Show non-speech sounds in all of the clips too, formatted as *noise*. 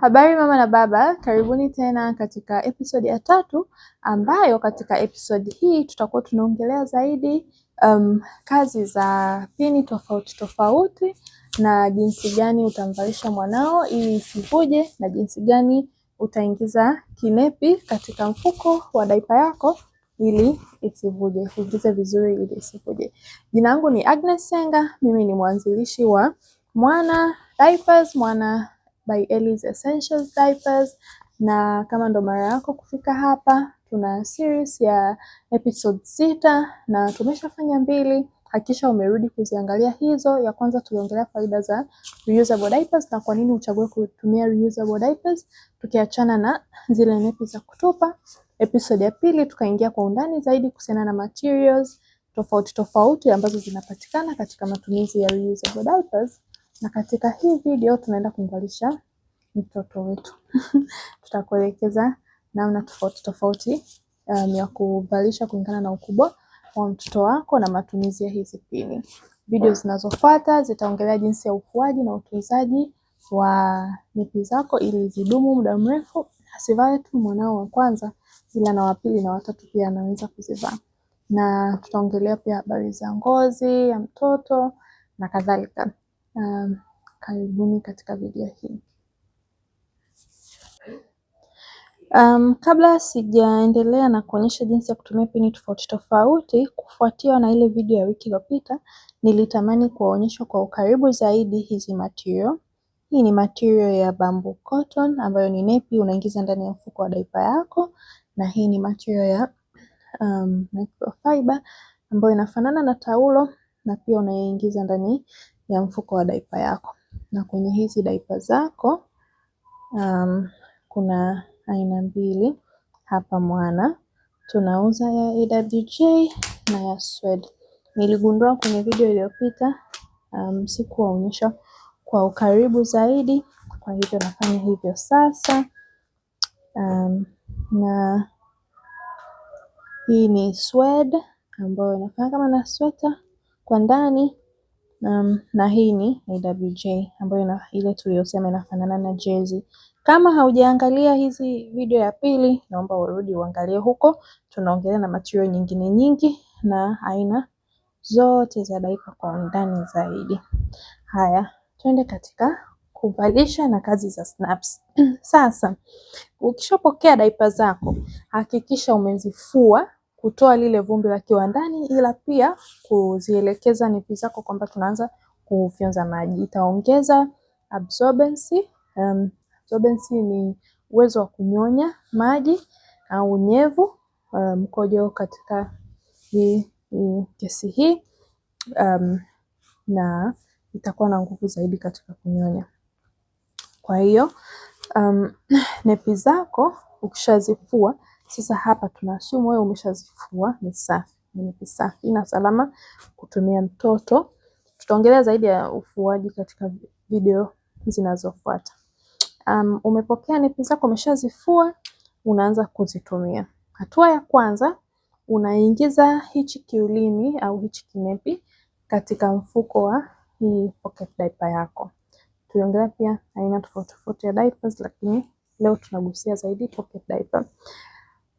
Habari mama na baba, karibuni tena katika episodi ya tatu, ambayo katika episodi hii tutakuwa tunaongelea zaidi um, kazi za pini tofauti tofauti na jinsi gani utamvalisha mwanao ili isivuje na jinsi gani utaingiza kinepi katika mfuko wa daipa yako ili isivuje, uingize vizuri ili isivuje. Jina langu ni Agnes Senga, mimi ni mwanzilishi wa Mwana Diapers, Mwana by Ellie's Essentials Diapers, na kama ndo mara yako kufika hapa, tuna series ya episode sita na tumeshafanya mbili. Hakikisha umerudi kuziangalia hizo. Ya kwanza tuliongelea faida za reusable diapers na kwa nini uchague kutumia reusable diapers, tukiachana na zile nepi za kutupa. Episode ya pili tukaingia kwa undani zaidi kuhusiana na materials tofauti tofauti ambazo zinapatikana katika matumizi ya reusable diapers na katika hii video tunaenda kumvalisha mtoto wetu *laughs* tutakuelekeza namna tofauti tofauti um, ya kuvalisha kulingana na ukubwa wa mtoto wako na matumizi ya hizi pini. Video zinazofuata zitaongelea jinsi ya ukuaji na utunzaji wa nepi zako ili zidumu muda mrefu. Asivae tu mwanao wa kwanza, ila na wapili na watatu pia anaweza kuzivaa, na tutaongelea pia habari za ngozi ya mtoto na kadhalika. Um, karibuni katika video hii. Um, kabla sijaendelea na kuonyesha jinsi ya kutumia pini tofauti tofauti kufuatiwa na ile video ya wiki iliyopita, nilitamani kuwaonyesha kwa ukaribu zaidi hizi material. Hii ni material ya bamboo cotton ambayo ni nepi unaingiza ndani ya mfuko wa daipa yako, na hii ni material ya um, microfiber ambayo inafanana na taulo na pia unaingiza ndani ya mfuko wa daipa yako. Na kwenye hizi daipa zako um, kuna aina mbili hapa Mwana, tunauza ya AWJ na ya Swed. Niligundua kwenye video iliyopita um, sikuwaonyesha kwa ukaribu zaidi, kwa hivyo nafanya hivyo sasa um, na hii ni Swed ambayo inafanya kama na sweta kwa ndani na hii ni AWJ ambayo ile tuliyosema inafanana na jezi. Kama haujaangalia hizi video ya pili, naomba urudi uangalie huko, tunaongelea na material nyingine nyingi na aina zote za daipa kwa undani zaidi. Haya, twende katika kuvalisha na kazi za snaps. *clears throat* Sasa ukishapokea daipa zako hakikisha umezifua kutoa lile vumbi la kiwandani, ila pia kuzielekeza nepi zako kwamba tunaanza kufyonza maji. Itaongeza absorbency. Um, absorbency ni uwezo wa kunyonya maji au unyevu mkojo um, katika hii kesi hii um, na itakuwa na nguvu zaidi katika kunyonya. Kwa hiyo um, nepi zako ukishazifua sasa hapa tunaassume wewe umeshazifua ni safi, ni safi na salama kutumia mtoto. Tutaongelea zaidi ya ufuaji katika video zinazofuata. Um, umepokea nepi zako, umeshazifua, unaanza kuzitumia. Hatua ya kwanza unaingiza hichi kiulimi au hichi kinepi katika mfuko wa hii pocket diaper yako. Tuliongelea pia aina tofauti tofauti ya diapers, lakini leo tunagusia zaidi pocket diaper.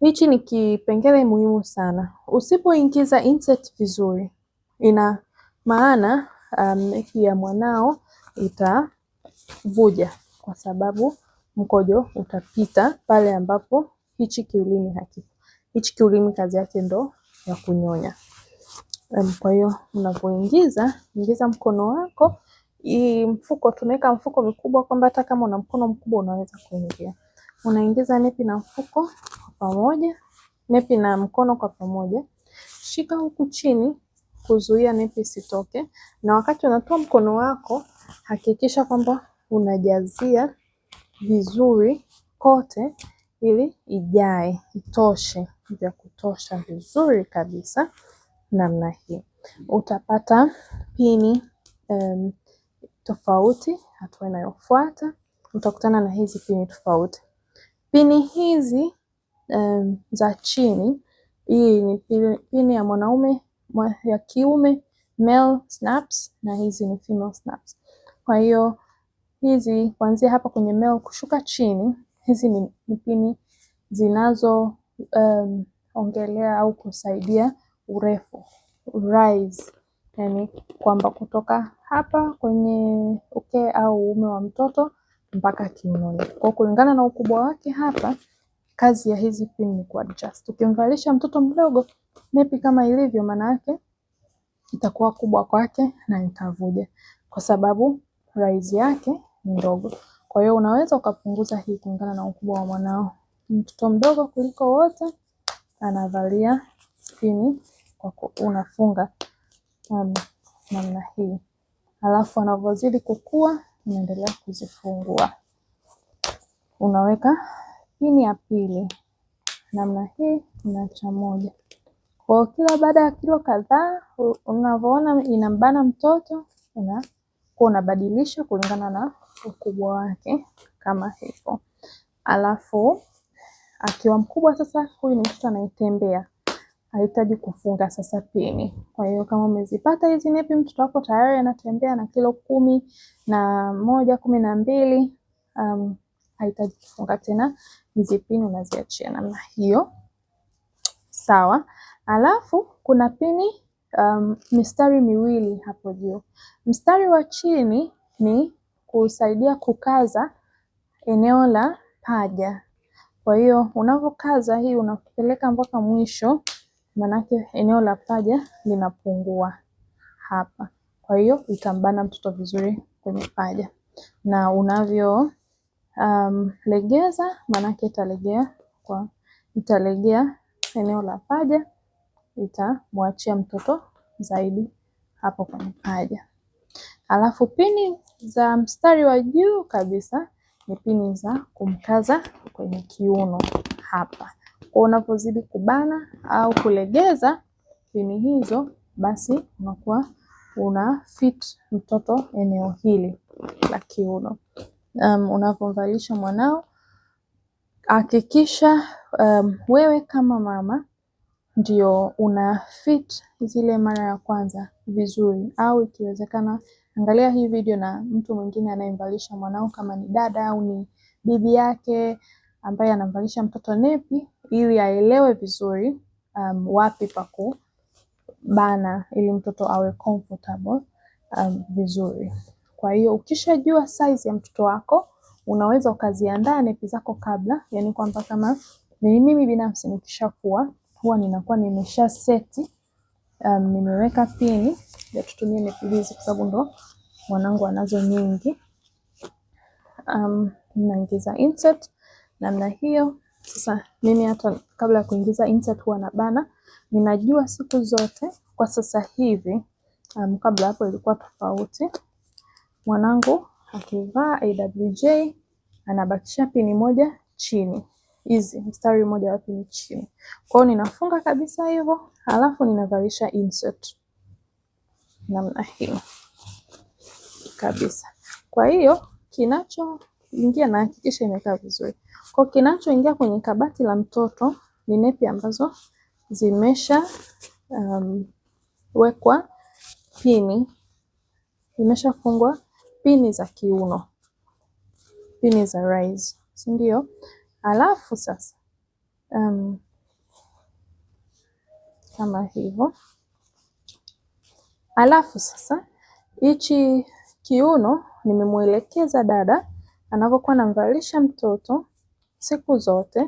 Hichi ni kipengele muhimu sana. Usipoingiza insert vizuri, ina maana um, ya mwanao itavuja kwa sababu mkojo utapita pale ambapo hichi kiulimi hakipo. Hichi kiulimi kazi yake ndo ya kunyonya. Um, kwa hiyo unapoingiza, ingiza mkono wako. Mfuko tunaweka mfuko mkubwa kwamba hata kama una mkono mkubwa unaweza kuingia. Unaingiza nepi na mfuko kwa pamoja, nepi na mkono kwa pamoja. Shika huku chini kuzuia nepi isitoke, na wakati unatoa mkono wako hakikisha kwamba unajazia vizuri kote, ili ijae itoshe vya kutosha vizuri kabisa namna hii. Utapata pini um, tofauti hatua inayofuata utakutana na hizi pini tofauti. Pini hizi za chini, hii ni pini ya mwanaume, ya kiume male snaps, na hizi ni female snaps. Kwa hiyo hizi kuanzia hapa kwenye male kushuka chini, hizi ni pini zinazo um, ongelea au kusaidia urefu rise, yani kwamba kutoka hapa kwenye uke okay, au uume wa mtoto mpaka kiunoni. Kwa kulingana na ukubwa wake hapa, kazi ya hizi pin ni kuadjust. Ukimvalisha mtoto mdogo nepi kama ilivyo, maana yake itakuwa kubwa kwake na itavuja, kwa sababu raizi yake ni ndogo. Kwa hiyo unaweza ukapunguza hii kulingana na ukubwa wa mwanao. Mtoto mdogo kuliko wote anavalia pini kwa unafunga um, namna hii, alafu anavyozidi kukua unaendelea kuzifungua. Unaweka pini ya pili namna hii, unaacha moja kwa kila baada ya kilo kadhaa. Unavyoona inambana mtoto, unakuwa unabadilisha kulingana na ukubwa wake kama hivyo, alafu akiwa mkubwa sasa, huyu ni mtoto anayetembea hahitaji kufunga sasa pini. Kwa hiyo kama umezipata hizi nepi, mtoto wako tayari anatembea na kilo kumi na moja kumi na mbili um, hahitaji kufunga tena hizi pini, unaziachia namna hiyo, sawa. Alafu kuna pini um, mistari miwili hapo juu. Mstari wa chini ni kusaidia kukaza eneo la paja. Kwa hiyo unapokaza hii unapeleka mpaka mwisho manake eneo la paja linapungua hapa, kwa hiyo itambana mtoto vizuri kwenye paja na unavyo um, legeza manake italegea kwa italegea eneo la paja, itamwachia mtoto zaidi hapo kwenye paja. Alafu pini za mstari wa juu kabisa ni pini za kumkaza kwenye kiuno hapa. Kwa unavyozidi kubana au kulegeza pini hizo, basi unakuwa una fit mtoto eneo hili la kiuno. Um, unapomvalisha mwanao hakikisha um, wewe kama mama ndio una fit zile mara ya kwanza vizuri, au ikiwezekana angalia hii video na mtu mwingine anayemvalisha mwanao, kama ni dada au ni bibi yake ambaye anamvalisha mtoto nepi ili aelewe vizuri um, wapi pa kubana ili mtoto awe comfortable um, vizuri. Kwa hiyo ukishajua size ya mtoto wako unaweza ukaziandaa nepi zako kabla, yani kwamba kama ni mimi binafsi nikishakuwa huwa ninakuwa nimesha seti um, nimeweka pini ya tutumie nepi hizi kwa sababu ndo mwanangu anazo nyingi. Um, naingiza insert namna hiyo. Sasa mimi hata kabla ya kuingiza insert huwa na bana, ninajua siku zote kwa sasa hivi. Um, kabla hapo ilikuwa tofauti. Mwanangu akivaa AWJ anabakisha pini moja chini, hizi mstari mmoja wa pini chini. Kwao ninafunga kabisa hivyo, halafu ninavalisha insert namna hii kabisa. Kwa hiyo kinacho ingia na hakikisha imekaa vizuri. Kwa kinachoingia kwenye kabati la mtoto ni nepi ambazo zimesha um, wekwa pini, zimeshafungwa pini za kiuno, pini za rise, si ndio? Alafu sasa um, kama hivyo, alafu sasa hichi kiuno nimemwelekeza dada anavyokuwa anamvalisha mtoto siku zote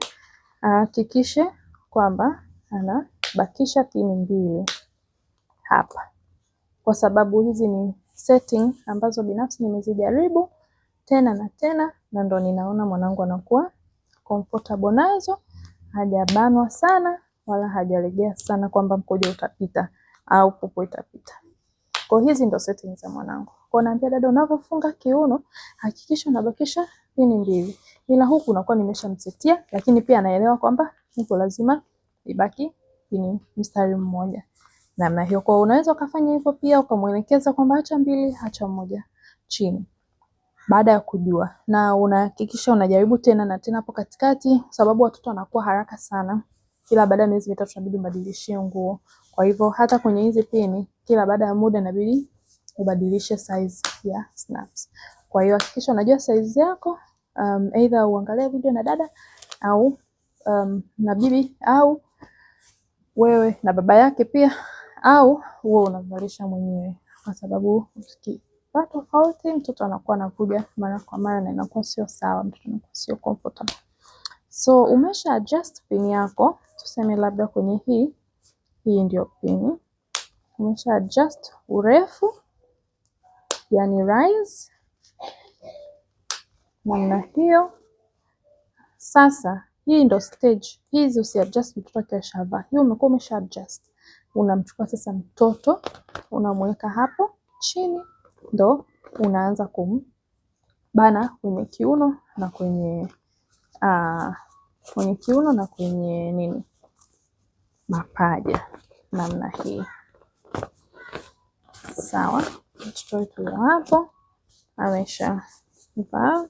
ahakikishe kwamba anabakisha pini mbili hapa, kwa sababu hizi ni setting ambazo binafsi nimezijaribu tena na tena, na ndo ninaona mwanangu anakuwa comfortable nazo, hajabanwa sana wala hajalegea sana kwamba mkojo utapita au popo itapita. Kwa hizi ndo setting za mwanangu. Kwa naambia dada, unavyofunga kiuno hakikisha unabakisha pini mbili, ila huku nakuwa nimeshamsetia, lakini pia anaelewa kwamba huko lazima ibaki pini mstari mmoja namna hiyo. Kwa unaweza ukafanya hivyo pia ukamwelekeza kwamba acha mbili, acha moja chini baada ya kujua, na unahakikisha unajaribu tena na tena hapo katikati, sababu watoto wanakuwa haraka sana. Kila baada ya miezi mitatu inabidi ubadilishie nguo. Kwa hivyo hata kwenye hizi pini, kila baada ya muda inabidi ubadilishe size ya snaps. Kwa hiyo hakikisha unajua size yako, um, either uangalie video na dada au um, na bibi au wewe na baba yake pia au wewe unavalisha mwenyewe, kwa sababu ukipata tofauti mtoto anakuwa anakuja mara kwa mara na inakuwa sio sawa, mtoto anakuwa sio comfortable. So umesha adjust pin yako, tuseme labda kwenye hii hii ndio pin, umesha adjust urefu yani rise namna hiyo. Sasa hii ndo stage, hizi usiadjust mtoto shava hiyo umekuwa umesha adjust. Unamchukua sasa mtoto unamweka hapo chini, ndo unaanza kumbana kwenye kiuno na kwenye aa, ah, kwenye kiuno na kwenye nini, mapaja namna hii, sawa. Mtoto wetu yuko hapo ameshavaa.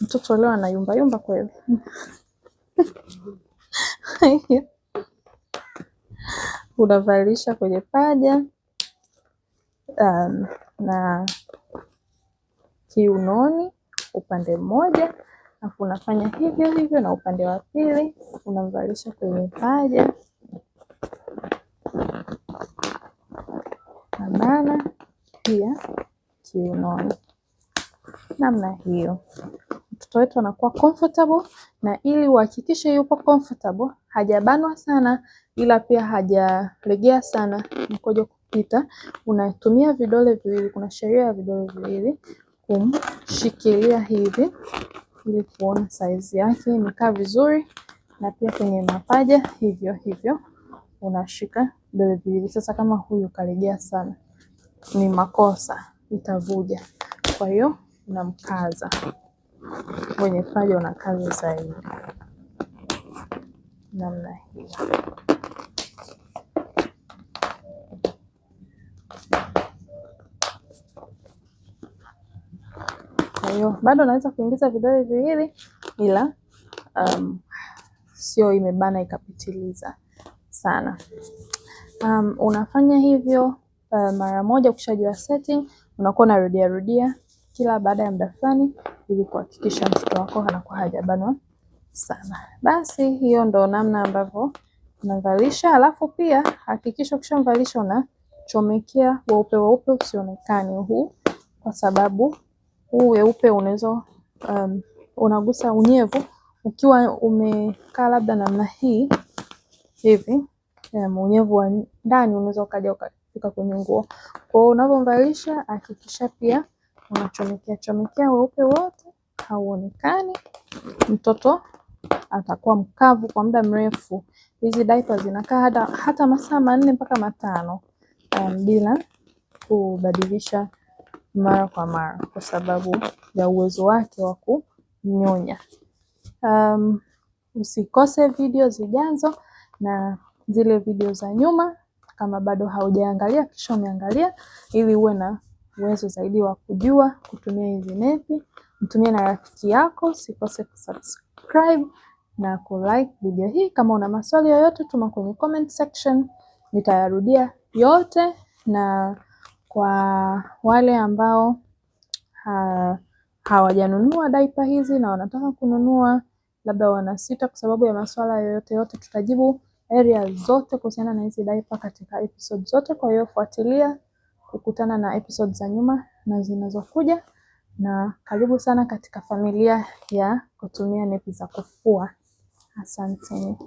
Mtoto leo yumba kweli. *laughs* Unavalisha kwenye paja um, na kiunoni upande mmoja, afu unafanya hivyo hivyo na upande wa pili unamvalisha kwenye paja sana pia kiunoni. Namna hiyo mtoto wetu anakuwa comfortable, na ili uhakikishe yupo comfortable, hajabanwa sana ila pia hajalegea sana mkojo kupita, unatumia vidole viwili. Kuna sheria ya vidole viwili kumshikilia hivi ili kuona saizi yake imekaa vizuri, na pia kwenye mapaja hivyo hivyo unashika vidole viwili. Sasa kama huyu kalegea sana ni makosa, itavuja. Kwa hiyo unamkaza mwenye paja, unakaza zaidi namna hiyo. Kwa hiyo bado unaweza kuingiza vidole viwili, ila um, sio imebana ikapitiliza sana. Um, unafanya hivyo uh, mara moja. Ukishajua setting, unakuwa unarudia rudia kila baada ya muda fulani, ili kuhakikisha mtoto wako anakuwa hajabanwa sana. Basi hiyo ndo namna ambavyo unavalisha, alafu pia hakikisha ukishamvalisha unachomekea weupe weupe usionekane huu, kwa sababu huu weupe unaweza um, unagusa unyevu ukiwa umekaa labda namna hii hivi, um, unyevu wa ndani unaweza ukaja uka kufika kwenye nguo. Kwa hiyo unapomvalisha hakikisha pia unachomekea chomekea weupe wote hauonekani, mtoto atakuwa mkavu kwa muda mrefu. Hizi diapers zinakaa hata, hata masaa manne mpaka matano um, bila kubadilisha mara kwa mara kwa sababu ya uwezo wake wa kunyonya. Um, usikose video zijazo na zile video za nyuma kama bado haujaangalia, kisha umeangalia ili uwe na uwezo zaidi wa kujua kutumia hizi nepi. Mtumie na rafiki yako, sikose kusubscribe na kulike video hii. Kama una maswali yoyote, tuma kwenye comment section, nitayarudia yote, na kwa wale ambao ha, hawajanunua daipa hizi na wanataka kununua, labda wanasita kwa sababu ya maswala yoyote yote, tutajibu area zote kuhusiana na hizi diaper katika episode zote. Kwa hiyo fuatilia kukutana na episode za nyuma na zinazokuja, na karibu sana katika familia ya kutumia nepi za kufua. Asanteni.